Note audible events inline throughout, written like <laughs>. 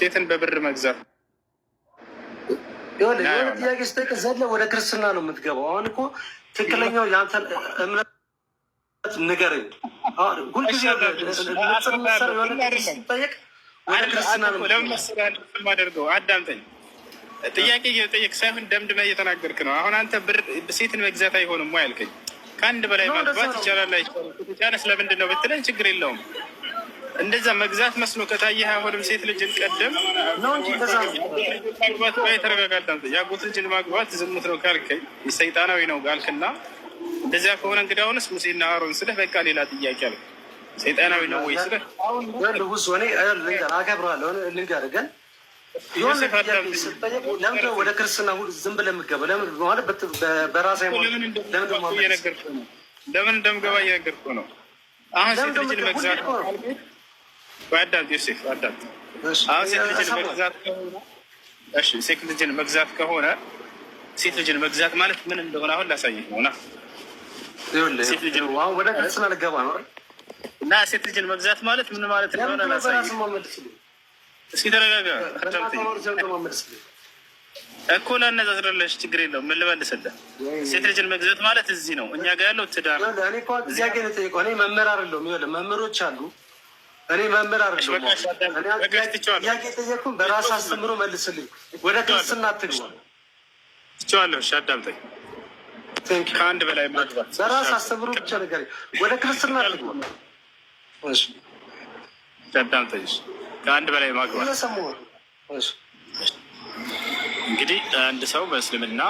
ሴትን በብር መግዛት የሆነ ጥያቄ ስጠይቅ ዘለ ወደ ክርስትና ነው የምትገባው። አሁን እኮ ትክክለኛው የአንተ እምነት ንገረኝ። ሁልጊዜ አዳምጠኝ። ጥያቄ እየጠየቅ ሳይሆን ደምድመህ እየተናገርክ ነው። አሁን አንተ ብር ሴትን መግዛት አይሆንም ያልከኝ፣ ከአንድ በላይ ማግባት ይቻላል አይቻልም ስለምንድን ነው ብትለኝ ችግር የለውም እንደዛ መግዛት መስሎ ከታየህ አሁንም ሴት ልጅ እንቀደም ነው ማግባት ላይ ተረጋጋል። ያጎት ልጅን ማግባት ዝሙት ነው ካልከኝ ሰይጣናዊ ነው ካልክና እንደዚያ ከሆነ እንግዲህ አሁንስ ሙሴና አሮን ስለህ በቃ ሌላ ጥያቄ አለ። ሰይጣናዊ ነው ወይ ስልህ ንጉስ ሆኔ አከብረዋለሁ። ልንገርህ ግን ለምንድን ወደ ክርስትና ዝም ብለህ የምትገባው? በራስህ ለምን እንደምገባ እየነገርኩህ ነው። አሁን ሴት ልጅን መግዛት አዳምጥ ዮሴፍ አዳምጥ። አሁን ሴት ልጅን መግዛት ከሆነ እሺ፣ ሴት ልጅን መግዛት ከሆነ ሴት ልጅን መግዛት ማለት ምን እንደሆነ አሁን ላሳይ ነው። ና ሴት ልጅን ወደ ክርስትና ልገባ ነው እና ሴት ልጅን መግዛት ማለት ምን ማለት እንደሆነ ላሳይ። እስኪ ተረጋጋ እኮ ላነጻጽርልሽ፣ ችግር የለውም። ምን ልመልስልህ? ሴት ልጅን መግዛት ማለት እዚህ ነው። እኛ ጋር ያለው ትዳር ነው። እኔ መምህር አይደለሁም። መምህሮች አሉ እኔ መምህር አይደለሁም። ጠየቅኩም በራስ በራስህ አስተምሮ መልስልኝ። ወደ ክርስትና አትግባ። ትችዋለሁ። እሺ አዳምጠኝ። ከአንድ በላይ ማግባት በራስህ አስተምሮ ብቻ ነገር፣ ወደ ክርስትና አትግባ። አዳምጠኝ። ከአንድ በላይ ማግባት እንግዲህ አንድ ሰው በእስልምና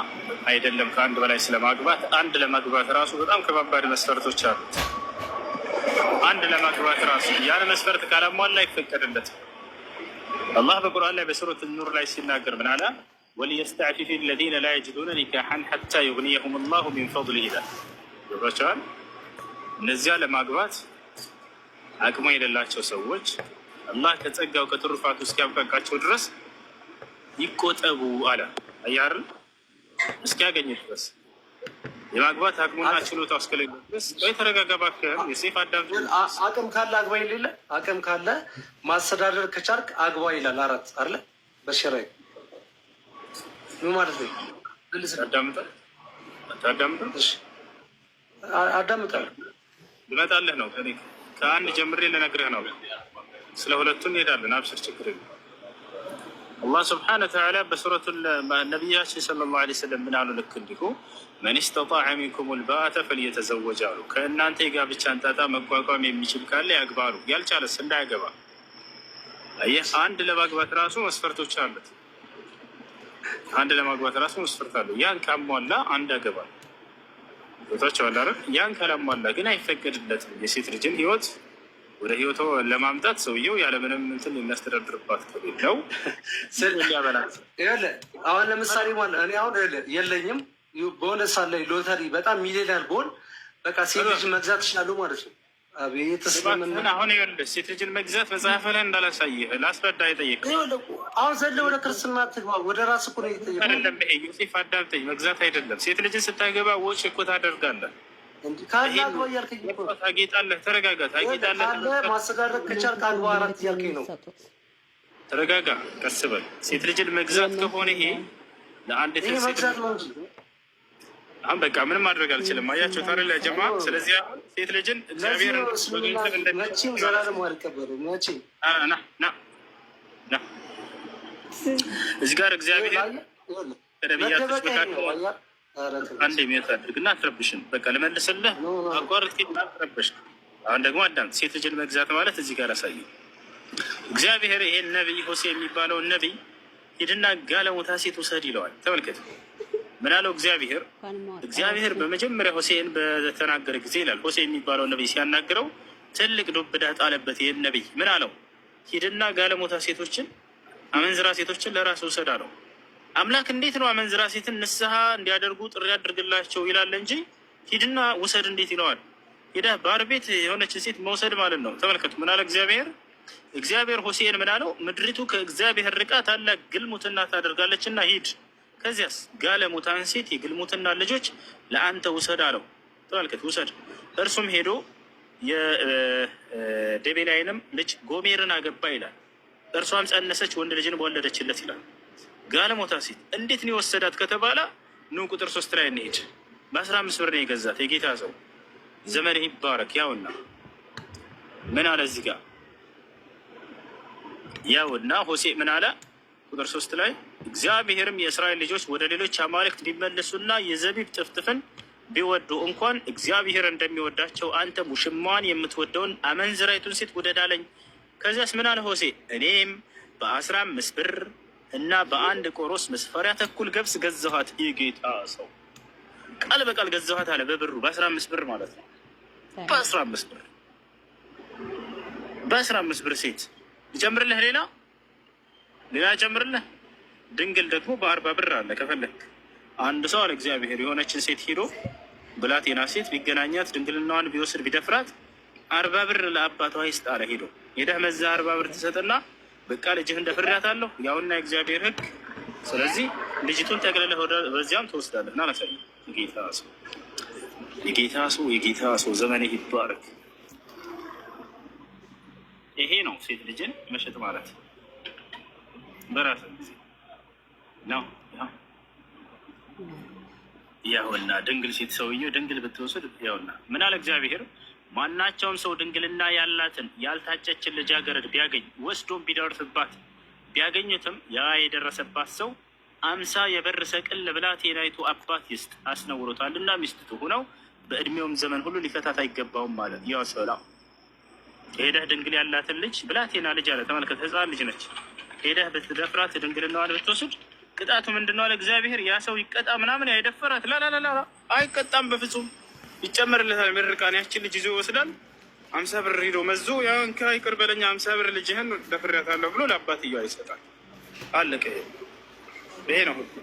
አይደለም ከአንድ በላይ ስለማግባት፣ አንድ ለማግባት ራሱ በጣም ከባባድ መስፈርቶች አሉት። አንድ ለማግባት ራሱ ያን መስፈርት ካላሟላ አይፈቀድለትም። አላህ በቁርአን ላይ በሱረት ኑር ላይ ሲናገር ምን አለ? ወሊየስተዕፊፍ ለዚነ ላ የጅዱነ ኒካሐን ሐታ ዩግኒየሁም ላሁ ሚን ፈድሊ ይላል። ግብራቸዋል እነዚያ ለማግባት አቅሙ የሌላቸው ሰዎች አላህ ከጸጋው ከትሩፋቱ እስኪያብቃቃቸው ድረስ ይቆጠቡ አለ። አያርን እስኪያገኙ ድረስ የማግባት አቅሙና ችሎታ እስከሌለ ወይ ተረጋጋ እባክህ። ዮሴፍ አዳምጦ አቅም ካለ አግባ የሌለ አቅም ካለ ማስተዳደር ከቻልክ አግባ ይላል። አራት አለ በሸራይ ምን ማለት ነው? አዳምጣል ልመጣልህ ነው። ከአንድ ጀምሬ ልነግርህ ነው። ስለ ሁለቱም እንሄዳለን። አብሽር፣ ችግር የለም አላህ ስብሓነ ወተዓላ በሱረቱ ነቢያችን ሰለላሁ ዐለይሂ ወሰለም ምን አሉ? ልክ እንዲሁ መን ስተጣዐ ሚንኩሙል ባአተ ፈልየተዘወጅ አሉ። ከእናንተ የጋብቻን ጣጣ መቋቋም የሚችል ካለ ያግባሉ፣ ያልቻለስ እንዳያገባ። ይህ አንድ ለማግባት ራሱ መስፈርቶች አሉት። አንድ ለማግባት ራሱ መስፈርት አለው። ያን ካሟላ አንድ ያገባል። ቦታቸው አላረ ያን ካላሟላ ግን አይፈቀድለትም የሴት ልጅን ህይወት ወደ ህይወቶ ለማምጣት ሰውየው ያለምንም እንትን የሚያስተዳድርባት ከሌለው ሊያበላት <laughs> አሁን ለምሳሌ ማ እኔ አሁን የለኝም በሆነ ሳ ላይ ሎተሪ በጣም ሚሊዮናል በሆን በቃ ሴት ልጅ መግዛት ይችላሉ ማለት ነው። አቤት አሁን ይኸውልህ ሴት ልጅን መግዛት መጽሐፈ ላይ እንዳላሳየህ ላስረዳ የጠየቅህ አሁን ዘለ ወደ ክርስትና ትግባ ወደ ራስ እኮ ነው የጠየቅህ። አይደለም ዮሴፍ አዳምጠኝ፣ መግዛት አይደለም ሴት ልጅን ስታገባ ወጪ እኮ ታደርጋለህ ታጌጣለህ። ተረጋጋ። ቀስ በል። ሴት ልጅን መግዛት ከሆነ ይሄ ለአንድ አሁን በቃ ምንም ማድረግ አልችልም። አያቸው ታሪ ጀማ። ስለዚህ ሴት ልጅን እግዚአብሔር እዚህ ጋር እግዚአብሔር አንድ የሚወት አድርግና አትረብሽም። በቃ ልመልስልህ አቋርጥ አትረብሽ። አሁን ደግሞ አዳም ሴት ልጅን መግዛት ማለት እዚህ ጋር አሳየ። እግዚአብሔር ይሄን ነቢይ ሆሴ የሚባለውን ነቢይ ሂድና ጋለሞታ ሴት ውሰድ ይለዋል። ተመልከት ምን አለው እግዚአብሔር። እግዚአብሔር በመጀመሪያ ሆሴን በተናገረ ጊዜ ይላል ሆሴ የሚባለው ነቢይ ሲያናግረው ትልቅ ዱብ ዕዳ ጣለበት። ይህን ነቢይ ምን አለው? ሂድና ጋለሞታ ሴቶችን፣ አመንዝራ ሴቶችን ለራስ ውሰድ አለው። አምላክ እንዴት ነው አመንዝራ ሴትን ንስሐ እንዲያደርጉ ጥሪ ያድርግላቸው ይላል እንጂ ሂድና ውሰድ እንዴት ይለዋል? ሂደህ ባር ቤት የሆነችን ሴት መውሰድ ማለት ነው። ተመልከቱ ምን አለ እግዚአብሔር እግዚአብሔር ሆሴን ምን አለው? ምድሪቱ ከእግዚአብሔር ርቃ ታላቅ ግልሙትና ታደርጋለች እና ሂድ፣ ከዚያስ ጋለሞታን ሴት የግልሙትና ልጆች ለአንተ ውሰድ አለው። ተመልከት ውሰድ። እርሱም ሄዶ የደቤላይንም ልጅ ጎሜርን አገባ ይላል። እርሷም ጸነሰች፣ ወንድ ልጅን በወለደችለት ይላል። ጋለሞታ ሴት እንዴት ነው የወሰዳት ከተባለ ኑ ቁጥር ሶስት ላይ እንሄድ። በአስራ አምስት ብር ነው የገዛት። የጌታ ሰው ዘመን ይባረክ። ያውና ምን አለ እዚህ ጋር ያውና ሆሴ ምን አለ ቁጥር ሶስት ላይ እግዚአብሔርም የእስራኤል ልጆች ወደ ሌሎች አማልክት ቢመልሱና የዘቢብ ጥፍጥፍን ቢወዱ እንኳን እግዚአብሔር እንደሚወዳቸው አንተ ሙሽማን የምትወደውን አመንዝራይቱን ሴት ውደድ አለኝ። ከዚያስ ምን አለ ሆሴ እኔም በአስራ አምስት ብር እና በአንድ ቆሮስ መስፈሪያ ተኩል ገብስ ገዛኋት። የጌታ ሰው ቃል በቃል ገዛኋት አለ። በብሩ በአስራ አምስት ብር ማለት ነው። በአስራ አምስት ብር በአስራ አምስት ብር ሴት ልጨምርልህ፣ ሌላ ሌላ ጨምርልህ። ድንግል ደግሞ በአርባ ብር አለ። ከፈለግ አንድ ሰው አለ እግዚአብሔር የሆነችን ሴት ሂዶ ብላቴና ሴት ቢገናኛት ድንግልናዋን ቢወስድ ቢደፍራት አርባ ብር ለአባቷ ይስጥ አለ። ሄዶ ሄደህ መዛ አርባ ብር ትሰጥና በቃ ልጅህ እንደፍሬያታለሁ ያውና የእግዚአብሔር ህግ ስለዚህ ልጅቱን ጠቅልለህ በዚያም ትወስዳለህ። ና አላሳየ የጌታ ሰው የጌታ ሰው የጌታ ሰው ዘመን ይባረክ። ይሄ ነው ሴት ልጅን መሸጥ ማለት በራስ ጊዜ ነው። ያውና ድንግል ሴት ሰውዬው ድንግል ብትወስድ ያውና ምን አለ እግዚአብሔር ማናቸውም ሰው ድንግልና ያላትን ያልታጨችን ልጃገረድ ቢያገኝ ወስዶም ቢደርስባት ቢያገኙትም ያ የደረሰባት ሰው አምሳ የብር ሰቅል ለብላቴናይቱ አባት ይስጥ አስነውሮታልና ሚስት ሁነው በእድሜውም ዘመን ሁሉ ሊፈታት አይገባውም። ማለት ያው ሰላ ሄደህ ድንግል ያላትን ልጅ ብላቴና ልጅ አለ። ተመልከት፣ ህፃን ልጅ ነች። ሄደህ ብትደፍራት ድንግልናዋን ብትወስድ ቅጣቱ ምንድን አለ እግዚአብሔር። ያ ሰው ይቀጣ ምናምን ያይደፈራት ላላላላ አይቀጣም በፍጹም ይጨመርለታል። ምርቃን ያችን ልጅ ይዞ ይወስዳል። አምሳ ብር ሂዶ መዞ ያንከራ ይቅር በለኝ አምሳ ብር ልጅህን ደፍሬያታለሁ ብሎ ለአባትየዋ ይሰጣል። አለቀ። ይሄ ነው ህጉ።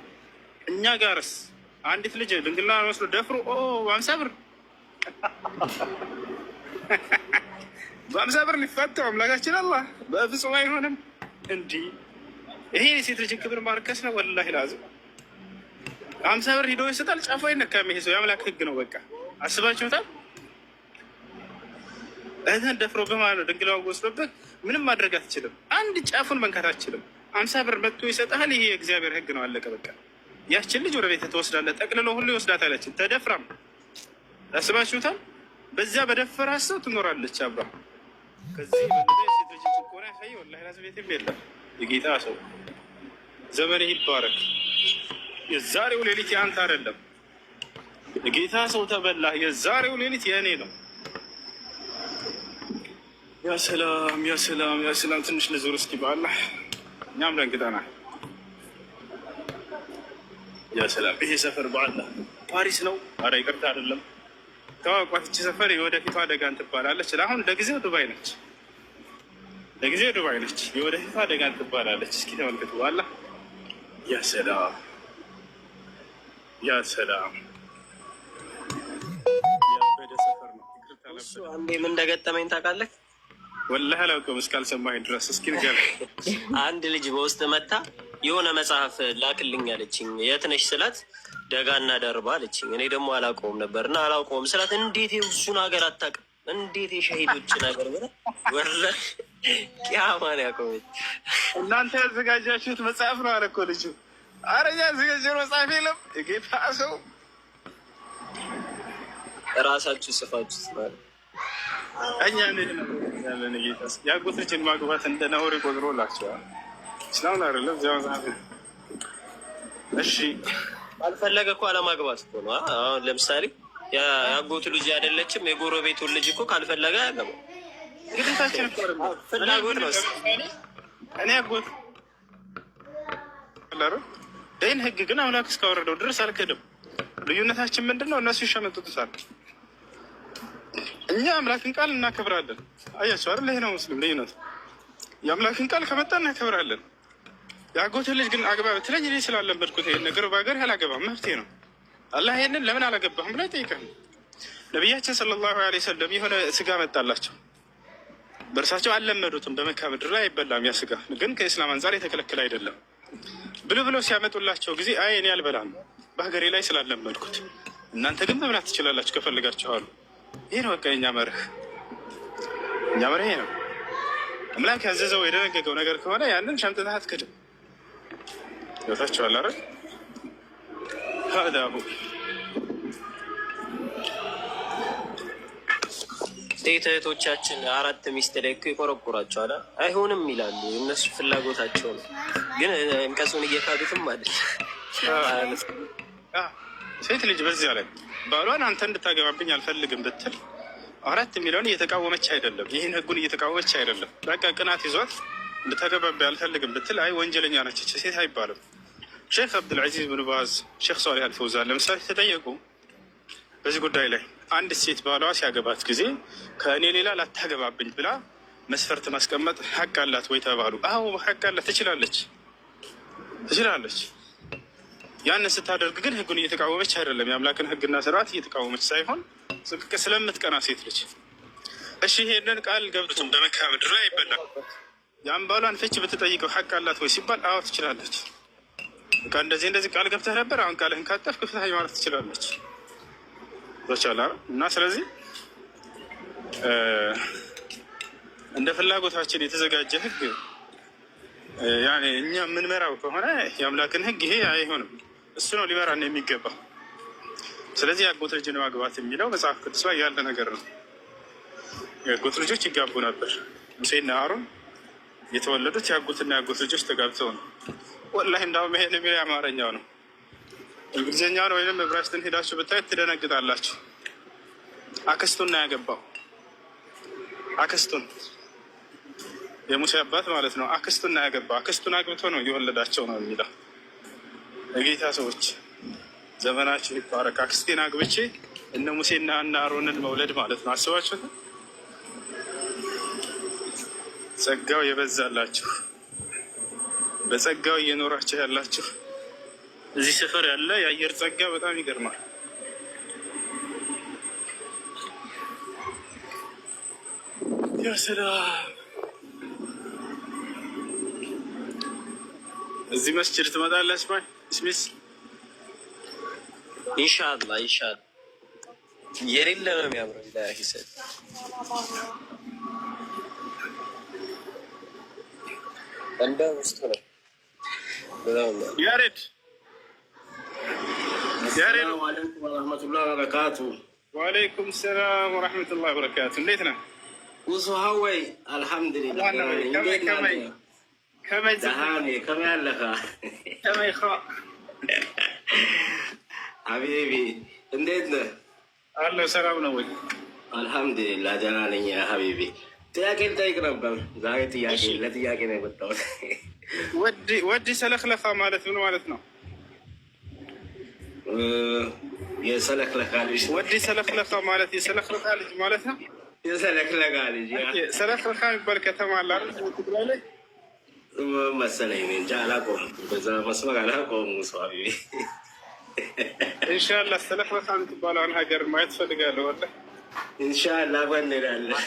እኛ ጋርስ አንዲት ልጅ ድንግልና መስሎ ደፍሮ አምሳ ብር በአምሳ ብር <laughs> ሊፋተው አምላካችን አላ በፍጹም አይሆንም። እንዲ ይሄ የሴት ልጅን ክብር ማርከስ ነው። ወላሂ ላዝም አምሳ ብር ሂዶ ይሰጣል። ጫፎ ይነካም። ይሄ ሰው የአምላክ ህግ ነው በቃ አስባችሁታል? እህትህን ደፍሮ ማለት ነው። ድንግላዋን ምንም ማድረግ አትችልም። አንድ ጫፉን መንካት አትችልም። አምሳ ብር መጥቶ ይሰጥሃል። ይሄ የእግዚአብሔር ህግ ነው። አለቀ በቃ። ያችን ልጅ ወደ ቤት ተወስዳለ። ጠቅልሎ ሁሉ ይወስዳታል። ያችን ተደፍራም አስባችሁታል? በዚያ በደፈራ ሰው ትኖራለች አብራ። ቤትም የለም። የጌታ ሰው ዘመን ይባረክ። የዛሬው ሌሊት የአንተ አይደለም። ጌታ ሰው ተበላ የዛሬው ሌሊት የእኔ ነው። ያ ሰላም፣ ያ ሰላም፣ ያ ሰላም። ትንሽ ልዙር እስኪ በአላህ እኛም ደንግጠናል። ያ ሰላም። ይሄ ሰፈር በአላህ ፓሪስ ነው። አረ ይቅርታ አይደለም ተዋቋት። ሰፈር የወደፊቷ አደጋን ትባላለች። አሁን ለጊዜው ዱባይ ነች። ለጊዜው ዱባይ ነች። የወደፊቷ አደጋን ትባላለች። እስኪ ተመልክቱ በአላህ ያ ሰላም፣ ያ ሰላም አንዴ ምን እንደገጠመኝ ታውቃለህ? ወላሂ አላውቅም እስካልሰማኸኝ ድረስ። እስኪ ንገረኝ። አንድ ልጅ በውስጥ መታ የሆነ መጽሐፍ ላክልኝ አለችኝ። የት ነሽ ስላት ደጋና ደርባ አለችኝ። እኔ ደግሞ አላውቀውም ነበር እና አላውቀውም ስላት እንዴት የውሱን ሀገር አታውቅም? እንዴት የሸሂዶች ነገር ብላ ወላሂ ቅያማን ያቆመች። እናንተ ያዘጋጃችሁት መጽሐፍ ነው አለ እኮ ልጁ። ኧረ እኛ ያዘጋጀነው መጽሐፍ የለም። ጌታ ሰው ራሳችሁ ጽፋችሁ ማለት እኛ ያለን? ጌታ ያጎት ልጅን ማግባት እንደ ነውር ቆጥሮላቸዋል። አይደለም እሺ፣ አልፈለገ እኮ አለማግባት እኮ ነው። አሁን ለምሳሌ ያጎቱ ልጅ አይደለችም፣ የጎረቤቱን ልጅ እኮ ካልፈለገ ያገባ ግዴታችን እኮ ፍላጎት ነው። እኔ ይህን ህግ ግን አምላክ እስካወረደው ድረስ አልክድም። ልዩነታችን ምንድን ነው? እነሱ ይሸመጥጡታል። እኛ አምላክን ቃል እናከብራለን። አያቸው አይደል? ይሄ ነው ሙስሊም ልዩነት። የአምላክን ቃል ከመጣ እናከብራለን። የአጎት ልጅ ግን አግባ ብትለኝ እኔ ስላለመድኩት ይሄን ነገር በሀገር አላገባም መፍትሄ ነው። አላህ ይሄንን ለምን አላገባህም ብሎ ይጠይቃል። ነቢያችን ሰለላሁ ዐለይሂ ወሰለም የሆነ ስጋ መጣላቸው በእርሳቸው አልለመዱትም። በመካ ምድር ላይ አይበላም። ያ ስጋ ግን ከእስላም አንጻር የተከለከለ አይደለም። ብሎ ብሎ ሲያመጡላቸው ጊዜ አይ እኔ አልበላም በሀገሬ ላይ ስላለመድኩት፣ እናንተ ግን መብላት ትችላላችሁ ከፈልጋችኋሉ ይህ ነው በቃ የኛ መርህ፣ እኛ መርህ ነው። አምላክ ያዘዘው የደነገገው ነገር ከሆነ ያንን ሸምጥተህ አትክድም። ይወታቸዋል አረ ዳሁ ሴት እህቶቻችን አራት ሚስት ላይ እኮ ይቆረቁራቸዋል። አይሆንም ይላሉ። እነሱ ፍላጎታቸው ነው፣ ግን እንቀጹን እየካዱትም አለ ሴት ልጅ በዚያ ላይ ባሏን አንተ እንድታገባብኝ አልፈልግም ብትል አራት የሚለውን እየተቃወመች አይደለም፣ ይህን ህጉን እየተቃወመች አይደለም። በቃ ቅናት ይዟት እንድታገባብ አልፈልግም ብትል አይ ወንጀለኛ ነች ሴት አይባልም። ሼክ አብዱልዓዚዝ ብን ባዝ፣ ሼክ ሷሊህ አልፈውዛን ለምሳሌ ተጠየቁ በዚህ ጉዳይ ላይ አንድ ሴት ባሏ ሲያገባት ጊዜ ከእኔ ሌላ ላታገባብኝ ብላ መስፈርት ማስቀመጥ ሀቅ አላት ወይ ተባሉ። አዎ ሀቅ አላት። ትችላለች ትችላለች ያንን ስታደርግ ግን ህጉን እየተቃወመች አይደለም። የአምላክን ህግና ስርዓት እየተቃወመች ሳይሆን ጽቅቅ ስለምትቀና ሴት ልጅ እሺ፣ ይሄንን ቃል ገብቱም በመካ ምድር ላይ አይበላም። የአምባሏን ፍች ብትጠይቀው ሀቅ አላት ወይ ሲባል አዎ ትችላለች። በቃ እንደዚህ እንደዚህ ቃል ገብተህ ነበር፣ አሁን ቃልህን ካጠፍክ ፍትሀኝ ማለት ትችላለች። ቻላ እና ስለዚህ እንደ ፍላጎታችን የተዘጋጀ ህግ እኛ የምንመራው ከሆነ የአምላክን ህግ ይሄ አይሆንም። እሱ ነው ሊመራን የሚገባው። ስለዚህ የአጎት ልጅን ነው ማግባት የሚለው መጽሐፍ ቅዱስ ላይ ያለ ነገር ነው። የአጎት ልጆች ይጋቡ ነበር። ሙሴና አሮን የተወለዱት የአጎትና የአጎት ልጆች ተጋብተው ነው። ወላሂ እንዳውም ይሄን የሚለው የአማርኛው ነው። እንግሊዝኛውን ወይም ዕብራይስጥን ሄዳችሁ ብታይ ትደነግጣላችሁ። አክስቱን ነው ያገባው። አክስቱን የሙሴ አባት ማለት ነው። አክስቱን ነው ያገባው። አክስቱን አግብቶ ነው የወለዳቸው ነው የሚለው ለጌታ ሰዎች ዘመናችን ይባረክ። አክስቴን አግብቼ እነ ሙሴና እና አሮንን መውለድ ማለት ነው። አስባችሁት። ጸጋው የበዛላችሁ በጸጋው እየኖራችሁ ያላችሁ እዚህ ሰፈር ያለ የአየር ጸጋ በጣም ይገርማል። ሰላም እዚህ መስጅድ ትመጣለች ባይ ስሚስ ኢንሻአላ ኢንሻአላ የሌለ ነው የሚያምረው። ኢላሂ ሰድ እንደ ውስጡ ነው። ያሬድ ያሬድ፣ ወአለይኩም ወራህመቱላሂ ወበረካቱ። ወአለይኩም ሰላም ወራህመቱላሂ ወበረካቱ። እንዴት ነህ? ውሱ ሀወይ አልሐምዱሊላህ። እንዴት ነህ? كما سهاني كما لها كما يخاء حبيبي انديت نه الله سلام نوي الحمد لله جناني يا حبيبي ጥያቄ ልጠይቅ ነበር ዛሬ። ጥያቄ ለጥያቄ ነው የመጣሁት። ወዲ ሰለክለካ ማለት ምን ማለት ነው? የሰለክለካ ልጅ ወዲ ሰለክለካ ማለት የሰለክለካ ልጅ ማለት ነው። የሰለክለካ ልጅ ሰለክለካ የሚባል ከተማ አለ ትግራይ ላይ መሰለኝ እንጂ አላቆሙም። በዛ መስመር አላቆሙም። ሰዋቢ እንሻላ ሰለፍ በጣም ትባለዋን ሀገር ማየት ፈልጋለሁ። ወላሂ እንሻላ አብረን እንሄዳለን።